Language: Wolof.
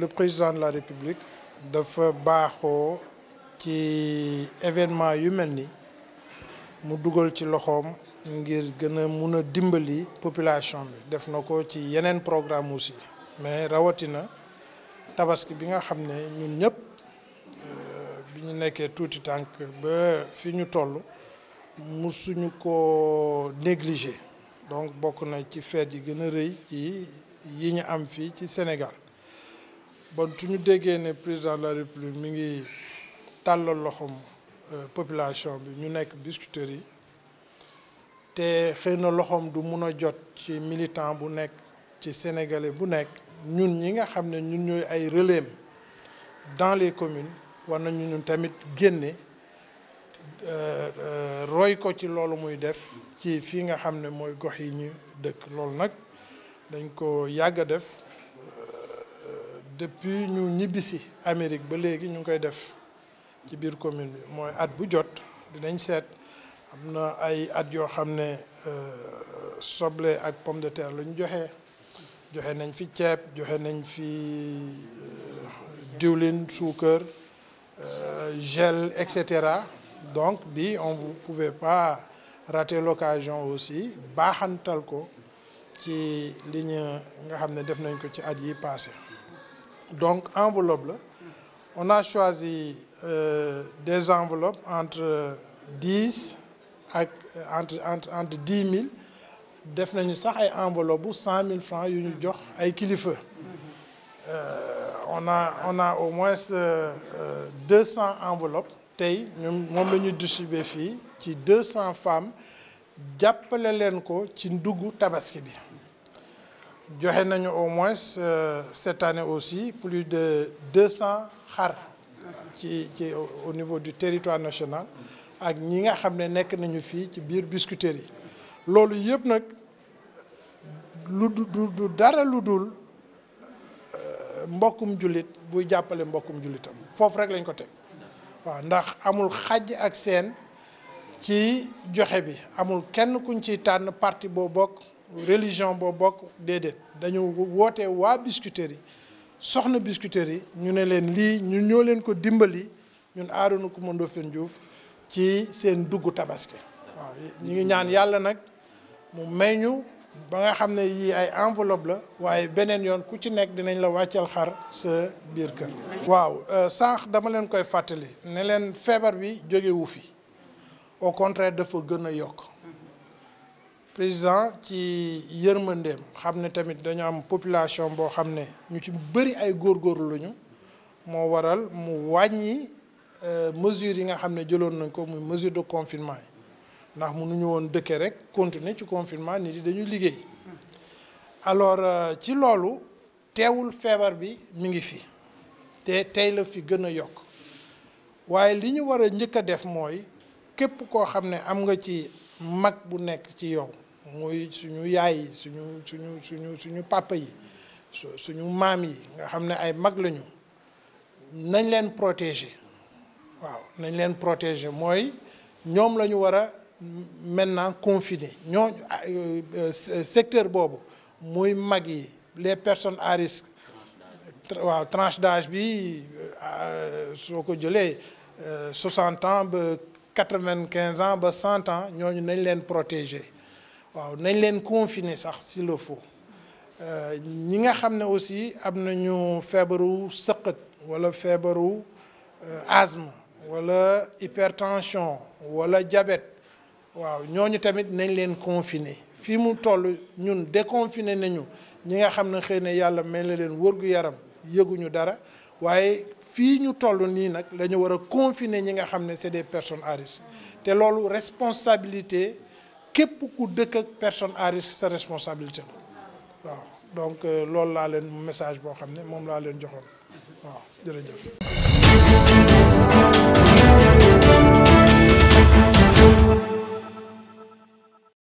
le président de la république de baaxoo ci événement yu melni mu duggal ci loxom ngir gëna mëna dimbali population bi def ci yenen programme aussi mais rawatina tabaski bi nga xamné ñun ñëpp euh, biñu ñu touti tank ba fiñu tollu toll musuñu ko négliger donc bokku na ci fête yi gëna reuy ci yiñu am fi ci Sénégal bon su ñu déggee ne président de la république mu ngi tàllal loxoom euh, population bi ñu nekk Biscuiterie yi te xëy na loxoom du mun a jot ci militant bu nekk ci sénégalais bu nekk ñun ñi nga xam ne ñun ñooy ay relais dans les communes war nañu ñun tamit génne euh, euh, roy ko ci loolu muy def ci fii nga xam ne mooy gox yi ñu dëkk loolu nag dañ ko yàgg a def. depuis ñu nous Amérique ba léegi nous nous def ci biir commune bi nous at bu jot dinañ ay at euh, pomme de terre nous avons joxé nañ fi ceeb joxé nañ fi euh, diwlin sucre, euh, gel etc. donc bi on ne pouvait pas rater l'occasion aussi baxantal ko ci li nga def donc enveloppe On a choisi euh, des enveloppes entre 10 entre, entre, 000. et enveloppe 100 000 francs euh, on a on a au moins 200 euh, enveloppes tay ñu mom lañu 200 femmes jappalé len ko ci tabaski joxe nañu au moins euh, cette année aussi plus de 200 xar ci au niveau du territoire national ak ñi nga xam ne nekk nañu fii ci biir Biscuiterie yi loolu yëpp nag lu du dara lu dul euh, mbokkum jullit buy jàppale mbokkum jullitam rek lañ ko teg waaw ndax amul xàjj ak seen ci joxe bi amul kenn kuñ ciy tànn parti boo bokk religion boo bokk déedéet dañu woote waa yi soxna Biscuiterie yi ñu ne leen lii ñu ñoo leen ko dimbali ñun Arouna Coumba Ndoffène Diouf ci seen dugg tabaski waaw ñu ngi ñaan yàlla nag mu may ñu ba nga xam ne yii ay enveloppe la waaye beneen yoon ku ci nekk dinañ la wàccal xar sa biir kër. waaw euh, sànq dama leen koy fàttali ne leen feebar bi jógewu fi au contraire dafa gën a yokk. président ci yërmandeem xam ne tamit dañu am population boo xam ne ñu ci bëri ay góor góorgóorlu lañu moo waral mu wàññi euh, mesures yi nga xam ne jëloon nañ ko muy mesure de confinement yi ndax mënuñu woon dëkkee rek continuer ci confinement nit yi dañuy liggéey alors euh, ci loolu teewul feebar bi mu ngi fi te tey la fi gën a yokk waaye li ñu war a njëkk a def mooy képp koo xam ne am nga ci mag bu nekk ci yow Nous sommes les parents, les nous sommes les protégés. Nous sommes les protégés. Nous sommes les confinés. Dans le secteur, nous les personnes à risque. les tranche d'âge, 60 euh, euh, ans, 95 ans, 100 ans, nous sommes les protégés waaw nañ leen confiner sax s'il le faut euh, ñi nga xam ne aussi am nañu feebaru sëqët wala feebaru euh, asthme wala hypertension wala diabète waaw ñooñu tamit nañ leen confiner fii mu toll ñun déconfiné nañu ñi nga xam ne xëy na la leen wërgu yaram yëguñu dara waaye fii ñu toll nii nag la ñu war a confiner ñi nga xam c'est des personnes à risque te loolu responsabilité képp ku dëkk ak personne à risque sa responsabilité la waaw donc euh, loolu laa leen message boo xam ne moom laa leen joxoon waaw jërëjëf.